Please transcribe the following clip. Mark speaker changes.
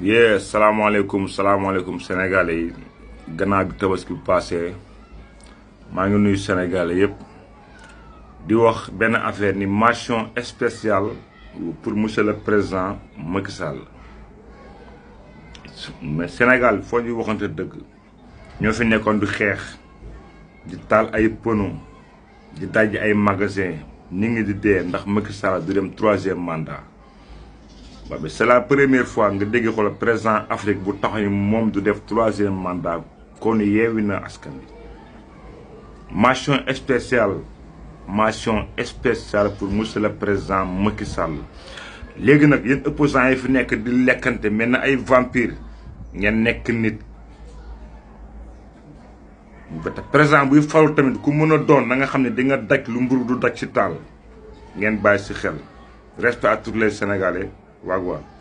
Speaker 1: yee salaamaaleykum salaamaaleykum sénégalais yi gannaaw bi tabaski bi maa ngi nuyu sénégalais yëpp di wax benn affaire ni mention spéciale pour monsieur le président Macky Sall mais Sénégal foo ñu waxante dëgg ñoo fi nekkoon di xeex di taal ay pono di daj ay magasin ni ngi di dee ndax Macky Sall du dem troisième mandat waaw mais c'est la première fois nga dégg xool président Afrique bu taxaw ni moom du def troisième mandat kon yeewi na askan bi mention spéciale mention pour monsieur le président Macky Sall léegi nag yéen opposants yi fi nekk di lekkante mel na ay vampire ngeen nekk nit président buy faru tamit ku mën a doon na nga xam ne di nga daj lu mburu du daj ci taal ngeen bàyyi si xel respect à tous les Sénégalais Wagwan.